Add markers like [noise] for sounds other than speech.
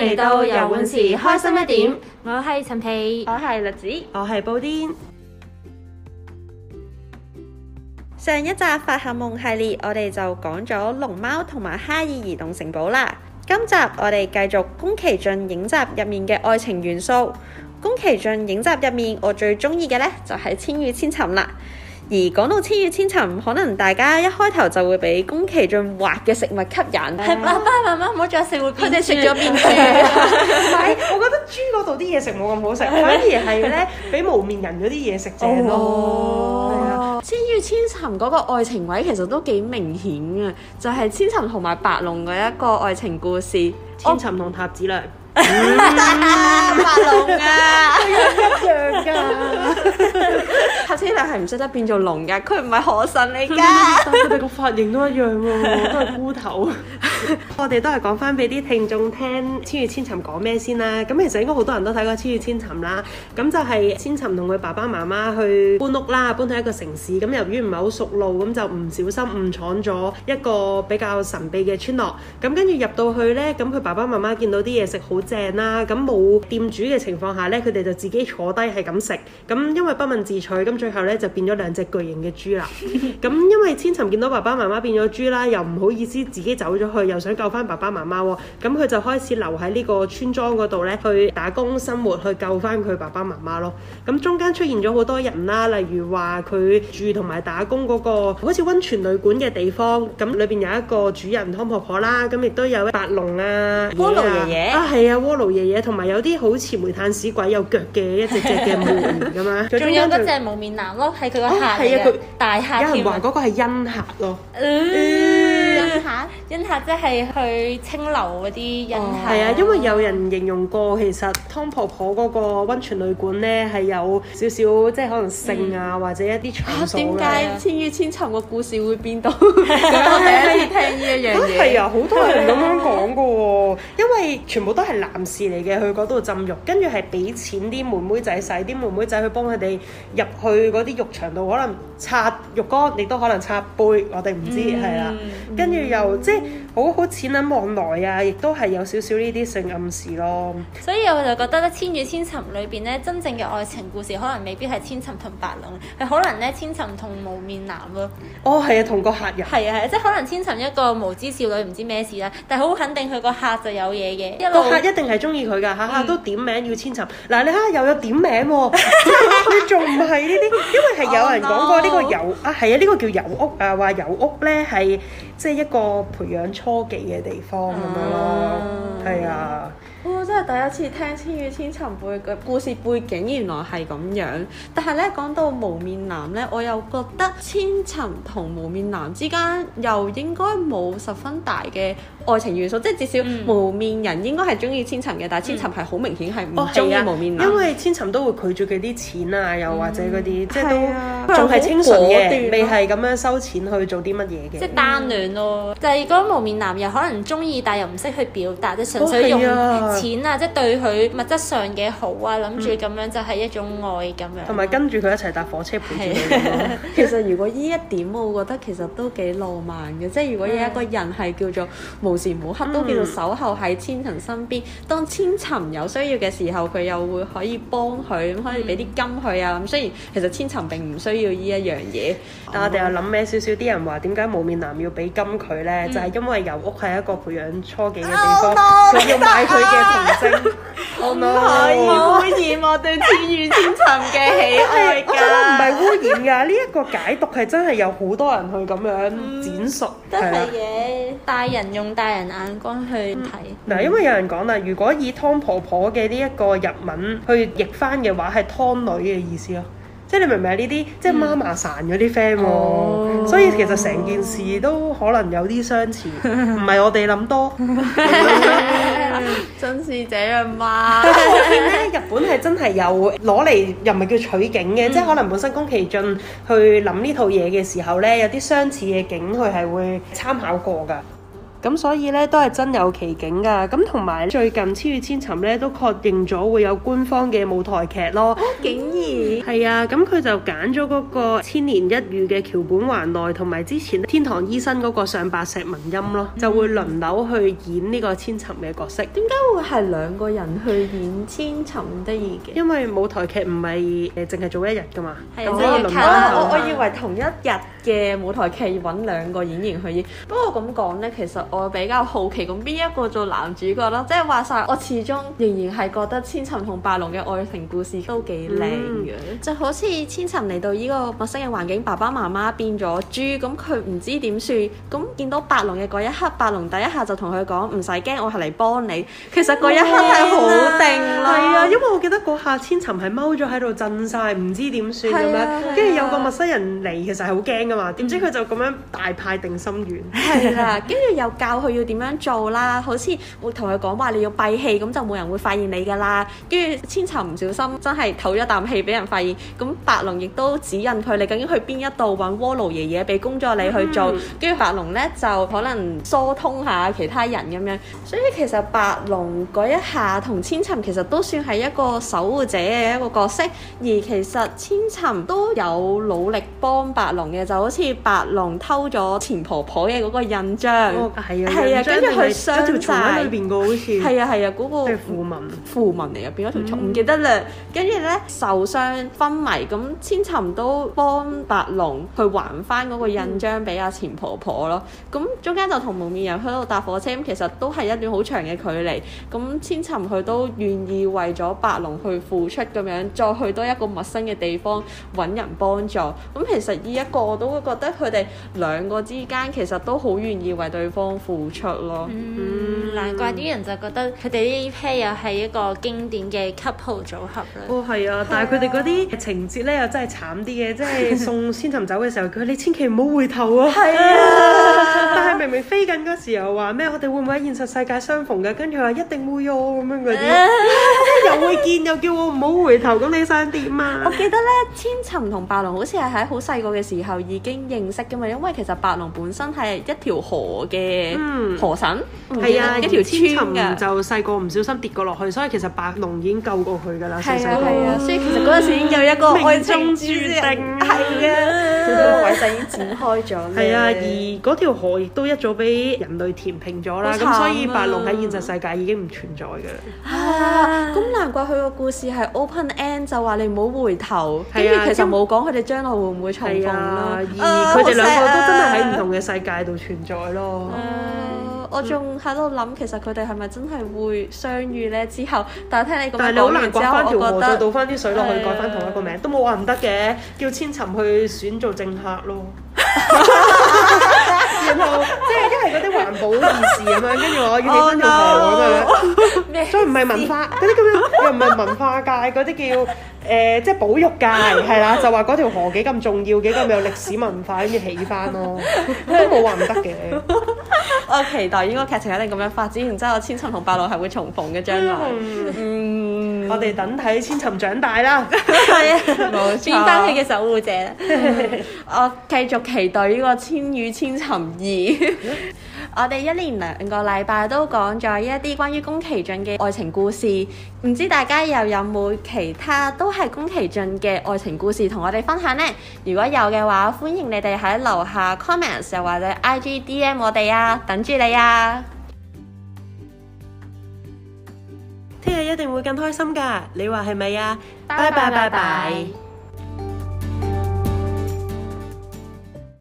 嚟到遊玩時，開心一點。我係陳皮，我係栗子，我係布丁。上一集《發下夢》系列，我哋就講咗《龍貓》同埋《哈爾移動城堡》啦。今集我哋繼續宮崎駿影集入面嘅愛情元素。宮崎駿影集入面，我最中意嘅呢，就係《千與千尋》啦。而講到千與千尋，可能大家一開頭就會畀宮崎駿畫嘅食物吸引。係爸爸媽媽，唔好再食會佢哋食咗變豬。我覺得豬嗰度啲嘢食冇咁好食，吧反而係咧，畀無面人嗰啲嘢食正咯。千與千尋嗰個愛情位其實都幾明顯嘅，就係、是、千尋同埋白龍嘅一個愛情故事。Oh. 千尋同塔子良。白龍 [laughs] 啊，啊 [laughs] 樣一樣噶。黑天帝係唔識得變做龍噶，佢唔係河神嚟噶。但佢哋個髮型都一樣喎，哦，都係菇頭。 [laughs] [laughs] 我哋都係講翻俾啲聽眾聽《千與千尋》講咩先啦。咁其實應該好多人都睇過千千《千與千尋》啦。咁就係千尋同佢爸爸媽媽去搬屋啦，搬到一個城市。咁由於唔係好熟路，咁就唔小心誤闖咗一個比較神秘嘅村落。咁跟住入到去呢，咁佢爸爸媽媽見到啲嘢食好正啦，咁冇店主嘅情況下呢，佢哋就自己坐低係咁食。咁因為不問自取，咁最後呢就變咗兩隻巨型嘅豬啦。咁 [laughs] 因為千尋見到爸爸媽媽變咗豬啦，又唔好意思自己走咗去。又想救翻爸爸媽媽喎，咁佢就開始留喺呢個村莊嗰度呢，去打工生活，去救翻佢爸爸媽媽咯。咁中間出現咗好多人啦、啊，例如話佢住同埋打工嗰、那個好似溫泉旅館嘅地方，咁裏邊有一個主人湯婆婆啦，咁亦都有白龍啊，鍋爐爺爺啊，係啊，鍋爐爺爺，同埋、啊啊啊、有啲好似煤炭屎鬼有腳嘅一隻隻嘅煤㗎嘛。仲 [laughs] 有嗰隻無面男咯，係佢個客、哦、啊，佢大客。有人話嗰個係恩客咯。嗯下，因下即係去清流嗰啲人係啊，因為有人形容過，其實湯婆婆嗰個温泉旅館咧係有少少即係可能性啊， [music] 或者一啲傳説啦點解千與千尋個故事會變到多啲可以聽呢一樣嘢？係啊， [laughs] 好多人咁樣講噶 [music] [music] 因為全部都係男士嚟嘅去嗰度浸浴，跟住係俾錢啲妹妹仔洗啲妹妹仔去幫佢哋入去嗰啲浴場度，可能擦浴缸，亦都可能擦背，我哋唔知係啦。跟住。又即係好好淺諗望來啊！亦都係有少少呢啲性暗示咯。所以我就覺得咧，《千與千尋》裏邊咧，真正嘅愛情故事可能未必係千尋同白龍，係可能咧千尋同無面男咯。哦，係啊，同個客人。係啊，係啊，即係可能千尋一個無知少女，唔知咩事啦。但係好肯定佢個客就有嘢嘅。個客一定係中意佢㗎，下下都點名要千尋。嗱，你睇下又有點名喎，你仲唔係呢啲？因為係有人講過呢個油，啊，係啊，呢個叫油屋啊，話油屋咧係。即係一個培養初級嘅地方咁樣咯，係啊，oh. 我、哦、真係第一次聽《千與千尋》背、背故故事背景，原來係咁樣。但係咧講到無面男咧，我又覺得千尋同無面男之間又應該冇十分大嘅愛情元素，即係至少無面人應該係中意千尋嘅，但係千尋係好明顯係唔中意無面男、嗯哦啊，因為千尋都會拒絕佢啲錢啊，又或者嗰啲即係都仲係清純嘅，未係咁樣收錢去做啲乜嘢嘅，即係單戀咯。就係如果無面男又可能中意，但又唔識去表達，即係純粹用、哦。錢啊，即係對佢物質上嘅好啊，諗住咁樣就係一種愛咁樣。同埋跟住佢一齊搭火車陪住佢。其實如果依一點，我覺得其實都幾浪漫嘅，即係如果有一個人係叫做無時無刻都叫做守候喺千尋身邊，當千尋有需要嘅時候，佢又會可以幫佢，可以俾啲金佢啊。咁雖然其實千尋並唔需要呢一樣嘢，但我哋又諗起少少，啲人話：「點解無面男要俾金佢呢？」就係因為油屋係一個培養初級嘅地方，佢要買佢嘅。我唔可以污染我對千與千尋嘅喜愛噶唔係 [laughs] 污染噶呢一 [laughs] 個解讀係真係有好多人去咁樣詮釋，係、嗯、啊，係嘅。大人用大人眼光去睇嗱，嗯、 [laughs] 因為有人講啦，如果以湯婆婆嘅呢一個日文去譯返嘅話，係湯女嘅意思咯。即係你明唔明呢啲？即係媽媽殘嗰啲 friend 喎，嗯、所以其實成件事都可能有啲相似，唔係 [laughs] 我哋諗多，真是這樣嗎？我見咧日本係真係有攞嚟，又唔係叫取景嘅，嗯、即係可能本身宮崎駿去諗呢套嘢嘅時候咧，有啲相似嘅景，佢係會參考過㗎。咁所以咧都係真有其景噶，咁同埋最近《千與千尋》咧都確認咗會有官方嘅舞台劇咯。好，竟然係啊！咁佢就揀咗嗰個千年一遇嘅橋本環奈，同埋之前《天堂醫生》嗰、嗰個上白石文音咯，嗯、就會輪流去演呢、呢個千尋嘅角色。點解會係兩個人去演千尋得意嘅？因為舞台劇唔係誒淨係做一日噶嘛，咁我輪流。我我以為同一日嘅舞台劇要揾兩個演員去演， [laughs] [laughs] 不過咁講呢，其實。我比較好奇咁邊一個做男主角咯？即係話晒，我始終仍然係覺得千尋同白龍嘅愛情故事都幾靚嘅。就好似千尋嚟到呢個陌生嘅環境，爸爸媽媽變咗豬，咁佢唔知點算。咁見到白龍嘅嗰一刻，白龍第一下就同佢講唔使驚，我係嚟幫你。其實嗰一刻係好定啦。Okay. 因為我記得嗰下千尋係踎咗喺度震晒，唔知點算咁樣，跟住、啊啊、有個陌生人嚟，其實係好驚噶嘛。點知佢就咁樣大派定心丸，係啦、啊。跟住 [laughs] 又教佢要點樣做啦，好似會同佢講話你要閉氣，咁就冇人會發現你噶啦。跟住千尋唔小心真係唞咗啖氣，俾人發現，咁白龍亦都指引佢你究竟去邊一度揾鍋爐爺爺俾工作你去做。跟住、嗯、白龍呢，就可能疏通下其他人咁樣，所以其實白龍嗰一下同千尋其實都算係一個守護者嘅一個角色，而其實千尋都有努力幫白龍嘅，就好似白龍偷咗錢婆婆嘅嗰個印章，係、哦、啊，係啊，章跟住佢傷咗條蟲裏邊嘅，好似係啊係啊，嗰、啊那個符文符文嚟入邊咗條蟲，唔、嗯、記得啦。跟住咧受傷昏迷，咁千尋都幫白龍去還翻嗰個印章俾阿錢婆婆咯。咁中間就同蒙面人喺度搭火車，咁其實都係一段好長嘅距離。咁千尋佢都願意為咗白龍去付出咁樣，再去多一個陌生嘅地方揾人幫助，咁、嗯、其實呢一個我都會覺得佢哋兩個之間其實都好願意為對方付出咯。嗯，難怪啲人就覺得佢哋呢批又 i 係一個經典嘅 couple 組合。哦，係啊，啊但係佢哋嗰啲情節呢又真係慘啲嘅，即係送千尋走嘅時候，佢話你千祈唔好回頭啊。係啊，啊但係明明飛緊嗰時候話咩，我哋會唔會喺現實世界相逢噶？跟住話一定會哦、啊、咁樣嗰啲。 [laughs] [laughs] 會見又叫我唔好回頭，咁你想點啊？我記得咧，千尋同白龍好似係喺好細個嘅時候已經認識嘅嘛，因為其實白龍本身係一條河嘅河神，係啊，一條千尋就細個唔小心跌過落去，所以其實白龍已經救過佢噶啦。係啊，所以其實嗰陣時已經有一個命中注定，係啊，所以個位已經展開咗。係啊，而嗰條河亦都一早俾人類填平咗啦，咁所以白龍喺現實世界已經唔存在嘅啦。啊，咁佢個故事係 open end，就話你唔好回頭，跟住、啊、其實冇講佢哋將來會唔會重逢啦，啊、而佢哋兩個都真係喺唔同嘅世界度存在咯、啊。我仲喺度諗，啊、其實佢哋係咪真係會相遇呢？之後，但係聽你咁講完之後，你好難掘翻條河，我再倒翻啲水落去，改翻同一個名，啊、都冇話唔得嘅。叫千尋去選做政客咯。 [laughs] [laughs] 即係一係嗰啲環保人士咁樣，跟住我要起翻條河咁樣，所以唔係文化嗰啲咁樣，又唔係文化界嗰啲叫誒，即係保育界係啦，就話嗰條河幾咁重要，幾咁有歷史文化，跟住起翻咯，都冇話唔得嘅。我期待呢個劇情一定咁樣發展，然之後千尋同白龍係會重逢嘅將來。嗯，我哋等睇千尋長大啦，係啊，變翻佢嘅守護者。我繼續期待呢個千與千尋。二，我哋一連兩個禮拜都講咗一啲關於宮崎駿嘅愛情故事，唔知大家又有冇其他都係宮崎駿嘅愛情故事同我哋分享呢？如果有嘅話，歡迎你哋喺樓下 comments 又或者 IGDM 我哋啊，等住你啊！聽日一定會更開心噶，你話係咪啊？拜拜拜拜。